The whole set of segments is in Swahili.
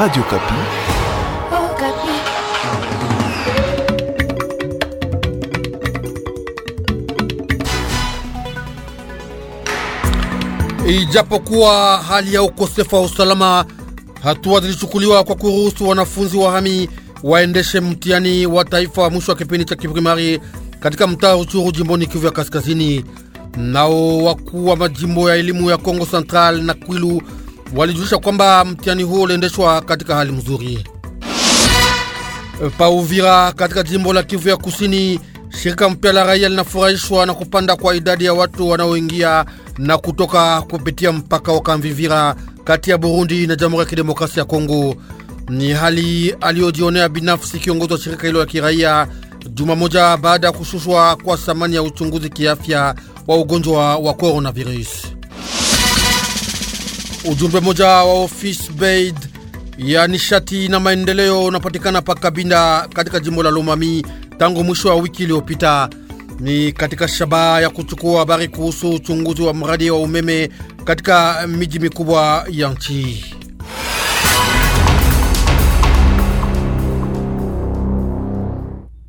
Radio Kapi. Oh, Kapi. Ijapokuwa hali ya ukosefu wa usalama, hatua zilichukuliwa kwa kuruhusu wanafunzi wa hami waendeshe mtihani wa taifa wa mwisho wa kipindi cha kiprimari katika mtaa Ruchuru jimboni Kivu ya Kaskazini. Nao wakuu wa majimbo ya elimu ya Kongo Central na Kwilu walijulisha kwamba mtihani huo uliendeshwa katika hali mzuri. Pa Uvira katika jimbo la Kivu ya Kusini, shirika mpya la raia linafurahishwa na kupanda kwa idadi ya watu wanaoingia na kutoka kupitia mpaka wa Kamvivira kati ya Burundi na Jamhuri ya Kidemokrasia ya Kongo. Ni hali aliyojionea binafsi kiongozi wa shirika hilo la kiraia juma moja baada ya kushushwa kwa thamani ya uchunguzi kiafya wa ugonjwa wa coronavirus. Ujumbe moja wa office based ya nishati na maendeleo unapatikana pa Kabinda katika jimbo la Lomami tangu mwisho wa wiki iliyopita. Ni katika shabaha ya kuchukua habari kuhusu uchunguzi wa mradi wa umeme katika miji mikubwa ya nchi.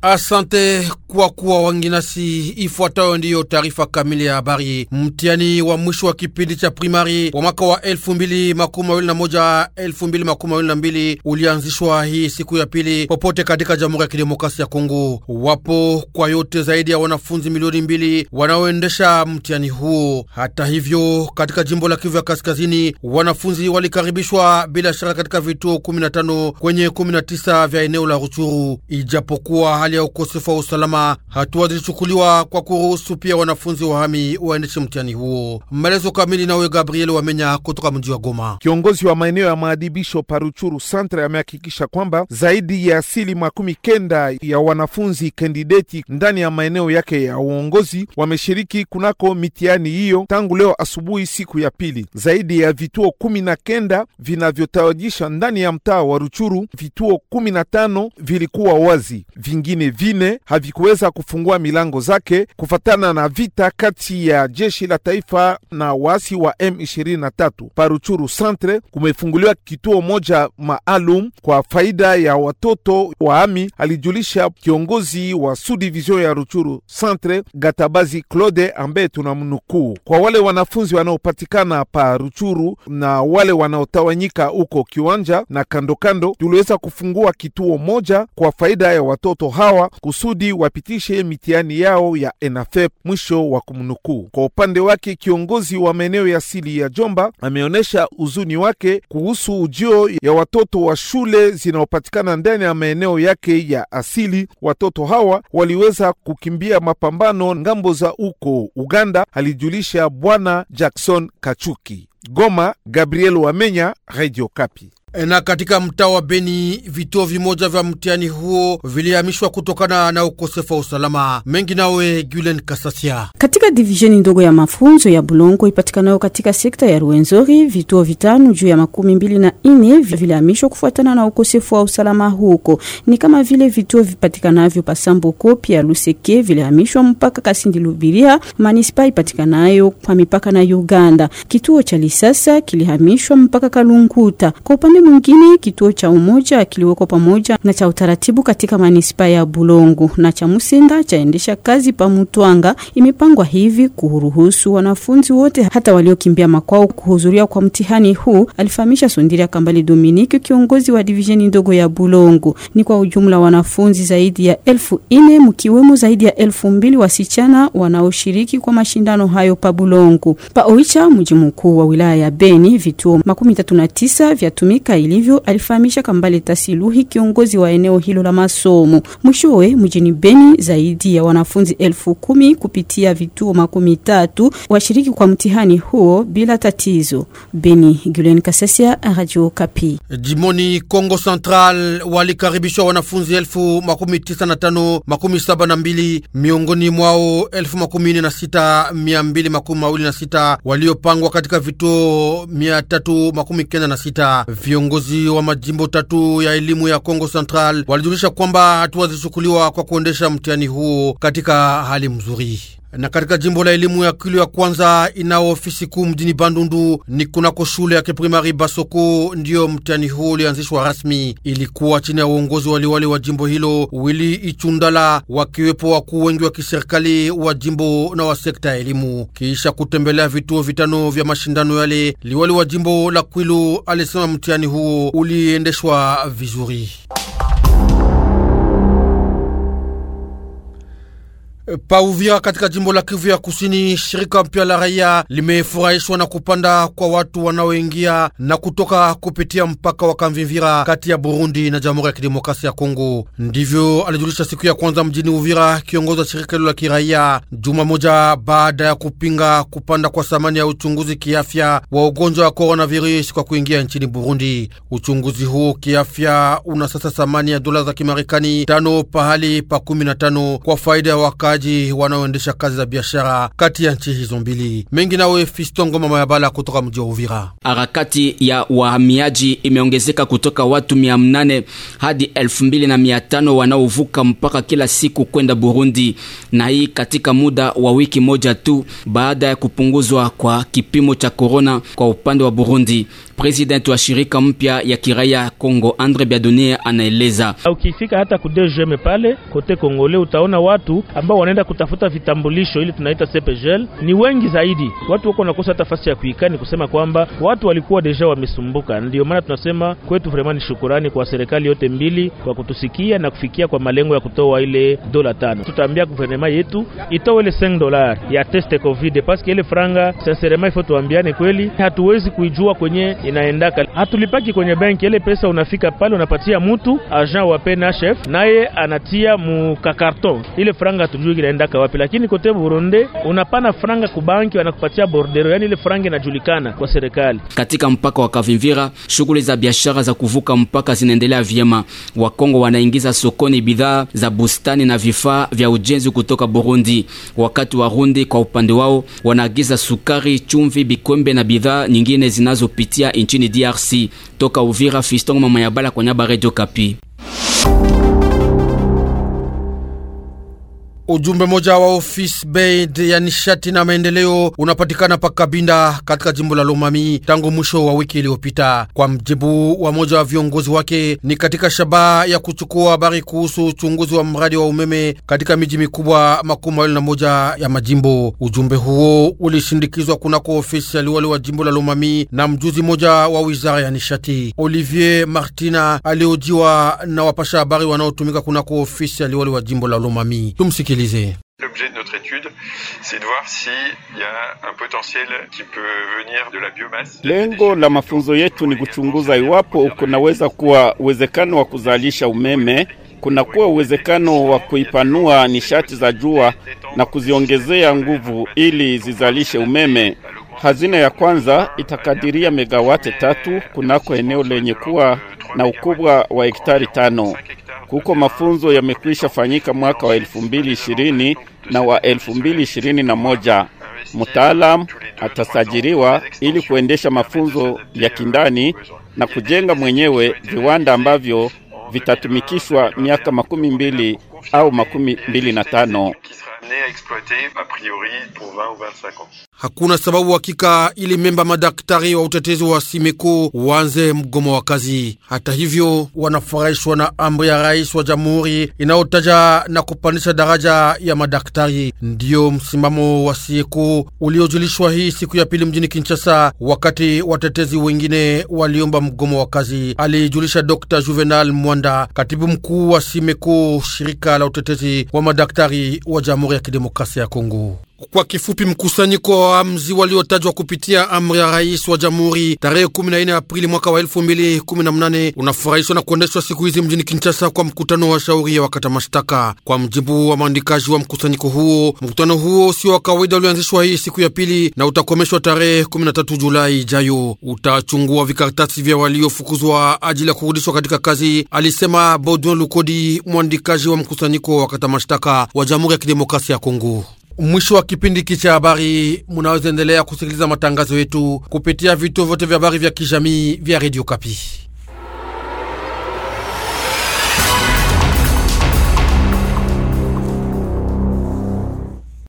Asante kwa kuwa wanginasi, ifuatayo ndiyo taarifa kamili ya habari. Mtihani wa mwisho wa kipindi cha primari wa mwaka wa 2021 2022 ulianzishwa hii siku ya pili popote katika Jamhuri ya Kidemokrasia ya Kongo. Wapo kwa yote zaidi ya wanafunzi milioni mbili wanaoendesha mtihani huo. Hata hivyo, katika jimbo la Kivu ya Kaskazini, wanafunzi walikaribishwa bila shaka katika vituo 15 kwenye 19 vya eneo la Ruchuru, ijapokuwa hali ya ukosefu wa usalama kama hatua zilichukuliwa kwa kuruhusu pia wanafunzi hami waendeshe mtihani huo. Maelezo kamili nawe Gabriel Wamenya kutoka mji wa Goma. Kiongozi wa maeneo ya maadhibisho Paruchuru Santre amehakikisha kwamba zaidi ya asili makumi kenda ya wanafunzi kandideti ndani ya maeneo yake ya uongozi wameshiriki kunako mitihani hiyo tangu leo asubuhi, siku ya pili. Zaidi ya vituo kumi na kenda vinavyotawajisha ndani ya mtaa wa Ruchuru, vituo kumi na tano vilikuwa wazi, vingine vine havikuwa itaweza kufungua milango zake kufatana na vita kati ya jeshi la taifa na waasi wa M23. Paruchuru centre kumefunguliwa kituo moja maalum kwa faida ya watoto wa ami, alijulisha kiongozi wa sudivision ya Ruchuru centre Gatabazi Claude ambaye tunamnukuu. Kwa wale wanafunzi wanaopatikana pa Ruchuru na wale wanaotawanyika huko kiwanja na kandokando, tuliweza kufungua kituo moja kwa faida ya watoto hawa kusudi wapitishe mitihani yao ya ENAFEP, mwisho wa kumnukuu. Kwa upande wake, kiongozi wa maeneo ya asili ya Jomba ameonyesha huzuni wake kuhusu ujio ya watoto wa shule zinaopatikana ndani ya maeneo yake ya asili. Watoto hawa waliweza kukimbia mapambano ngambo za uko Uganda, alijulisha Bwana Jackson Kachuki. Goma, Gabriel Wamenya, Radio Kapi. Eh, na katika mtaa wa Beni vituo vimoja vya mtihani huo vilihamishwa kutokana na ukosefu wa usalama mengi. Nawe Gulen Kasasia, katika divisheni ndogo ya mafunzo ya Bulongo ipatikanayo katika sekta ya Ruenzori, vituo vitano juu ya makumi mbili na ine vilihamishwa kufuatana na ukosefu wa usalama huko, ni kama vile vituo vipatikanavyo Pasambo, Kopi ya Luseke vilihamishwa mpaka Kasindi Lubiria, manispa ipatikanayo kwa mipaka na Uganda. Kituo cha Lisasa kilihamishwa mpaka Kalunguta. Kwa upande upande mwingine, kituo cha umoja kiliwekwa pamoja na cha utaratibu katika manispaa ya Bulongo na cha Musinda chaendesha kazi pa Mutwanga. Imepangwa hivi kuruhusu wanafunzi wote hata waliokimbia makwao kuhudhuria kwa mtihani huu, alifahamisha Sundiria Kambali Dominiki, kiongozi wa divisheni ndogo ya Bulongo. Ni kwa ujumla wanafunzi zaidi ya elfu ine mkiwemo zaidi ya elfu mbili wasichana wanaoshiriki kwa mashindano hayo pa Bulongo. Pa Oicha, mji mkuu wa wilaya ya Beni, vituo makumi tatu na tisa vyatumika Afrika ilivyo, alifahamisha Kambale Tasiluhi, kiongozi wa eneo hilo la masomo. Mwishowe mjini Beni, zaidi ya wanafunzi elfu kumi kupitia vituo makumi tatu washiriki kwa mtihani huo bila tatizo. Beni, Gulen Kasesia, Radio Kapi. Jimoni Kongo Central walikaribishwa wanafunzi elfu makumi tisa na tano makumi saba na mbili miongoni mwao elfu makumi nne na sita mia mbili makumi mawili na sita waliopangwa katika vituo mia tatu makumi kenda na sita vyo Viongozi wa majimbo tatu ya elimu ya Kongo Central walijulisha kwamba hatua zilichukuliwa kwa kuendesha mtihani huo katika hali mzuri na katika jimbo la elimu ya Kwilu ya kwanza inao ofisi kuu mjini Bandundu ni kunako shule ya kiprimari Basoko, ndiyo mtihani huu ulianzishwa rasmi. Ilikuwa chini ya uongozi waliwali wa jimbo hilo Wili Ichundala, wakiwepo wakuu wengi wa kiserikali wa jimbo na wa sekta ya elimu. Kisha kutembelea vituo vitano vya mashindano yale, liwali wa jimbo la Kwilu alisema mtihani huo uliendeshwa vizuri. Eh, pa Uvira katika jimbo la Kivu ya Kusini, shirika mpya la raia limefurahishwa na kupanda kwa watu wanaoingia na kutoka kupitia mpaka wa Kamvimvira kati ya Burundi na Jamhuri ya Kidemokrasia ya Kongo. Ndivyo alijulisha siku ya kwanza mjini Uvira kiongozi wa shirika hilo la kiraia, juma moja baada ya kupinga kupanda kwa thamani ya uchunguzi kiafya wa ugonjwa wa coronavirus kwa kuingia nchini Burundi. Uchunguzi huo kiafya una sasa thamani ya dola za Kimarekani tano pahali pa 15 kwa faida ya waka wahamiaji wanaoendesha kazi za biashara kati ya nchi hizo mbili. Mengi nawe Fiston Ngoma Mayabala kutoka mji wa Uvira. Harakati ya wahamiaji imeongezeka kutoka watu mia mnane hadi elfu mbili na mia tano wanaovuka mpaka kila siku kwenda Burundi, na hii katika muda wa wiki moja tu baada ya kupunguzwa kwa kipimo cha korona kwa upande wa Burundi. Presidenti wa shirika mpya ya kiraia ya Kongo Andre biadoni anaeleza. Ukifika hata ku DGM pale kote Kongole utaona watu ambao wanaenda kutafuta vitambulisho ili tunaita CPGL ni wengi zaidi. Watu wako nakosa hata fasi ya kuikaa, ni kusema kwamba watu walikuwa deja wamesumbuka. Ndio maana tunasema kwetu vraiment ni shukurani kwa serikali yote mbili kwa kutusikia na kufikia kwa malengo ya kutoa ile dola tano. Tutaambia guvernema yetu itoe ile 5 dola ya test covid parce que ile franga sincerement ifo tuambiane kweli hatuwezi kuijua kwenye inaendaka. Hatulipaki kwenye benki, ile pesa unafika pale unapatia mtu agent wa PNHF, naye anatia mukakarton ile franga, hatujui inaendaka wapi. Lakini kote Burundi unapana franga kubanki, wanakupatia bordero, yani ile franga inajulikana kwa serikali. Katika mpaka wa Kavimvira, shughuli za biashara za kuvuka mpaka zinaendelea vyema. Wakongo wanaingiza sokoni bidhaa za bustani na vifaa vya ujenzi kutoka Burundi, wakati Warundi kwa upande wao wanaagiza sukari, chumvi, bikombe na bidhaa nyingine zinazopitia nchini DRC. Toka Uvira, Fiston mama ya bala kwenye Radio Kapi. Ujumbe moja wa ofisi bed ya nishati na maendeleo unapatikana pa Kabinda katika jimbo la Lomami tangu mwisho wa wiki iliyopita. Kwa mjibu wa moja wa viongozi wake, ni katika shabaha ya kuchukua habari kuhusu uchunguzi wa mradi wa umeme katika miji mikubwa makumi mawili na moja ya majimbo. Ujumbe huo ulishindikizwa kunako ofisi ya liwali wa jimbo la Lomami na mjuzi moja wa wizara ya nishati. Olivier Martina aliojiwa na wapasha habari wanaotumika kunako ofisi ya liwali wa jimbo la Lomami utiliser L'objet de notre étude, c'est de voir s'il y a un potentiel qui peut venir de la biomasse. Lengo la mafunzo yetu ni kuchunguza iwapo kunaweza kuwa uwezekano wa kuzalisha umeme, kunakuwa uwezekano wa kuipanua nishati za jua na kuziongezea nguvu ili zizalishe umeme. Hazina ya kwanza itakadiria megawate tatu kunako eneo lenye kuwa na ukubwa wa hektari tano. Kuko mafunzo yamekwisha fanyika mwaka wa 2020 na wa 2021. Mtaalam atasajiliwa ili kuendesha mafunzo ya kindani na kujenga mwenyewe viwanda ambavyo vitatumikishwa miaka makumi mbili au makumi mbili na tano. Hakuna sababu hakika ili memba madaktari wa utetezi wa Simeko waanze mgomo wa kazi. Hata hivyo, wanafurahishwa na amri ya rais wa jamhuri inayotaja na kupandisha daraja ya madaktari. Ndiyo msimamo wa Sieko uliojulishwa hii siku ya pili mjini Kinshasa, wakati watetezi wengine waliomba mgomo wa kazi, alijulisha Dr Juvenal Mwanda, katibu mkuu wa Simeko, shirika la utetezi wa madaktari wa Jamhuri ya Kidemokrasia ya Kongo. Kwa kifupi, mkusanyiko wa waamzi waliotajwa kupitia amri ya rais wa jamhuri tarehe 14 Aprili mwaka wa 2018 unafurahishwa na kuendeshwa siku hizi mjini Kinshasa kwa mkutano wa shauri ya wakata mashtaka. Kwa mjibu wa maandikaji wa mkusanyiko huo, mkutano huo sio wa kawaida, ulianzishwa hii siku ya pili na utakomeshwa tarehe 13 Julai ijayo. Utachungua vikaratasi vya waliofukuzwa ajili ya kurudishwa katika kazi, alisema Baudouin Lukodi, mwandikaji wa mkusanyiko wa wakata mashtaka wa Jamhuri ya Kidemokrasia ya Kongo. Mwisho wa kipindi hiki cha habari, munaweza endelea kusikiliza matangazo yetu kupitia vituo vyote vya habari vya kijamii vya Radio Kapi.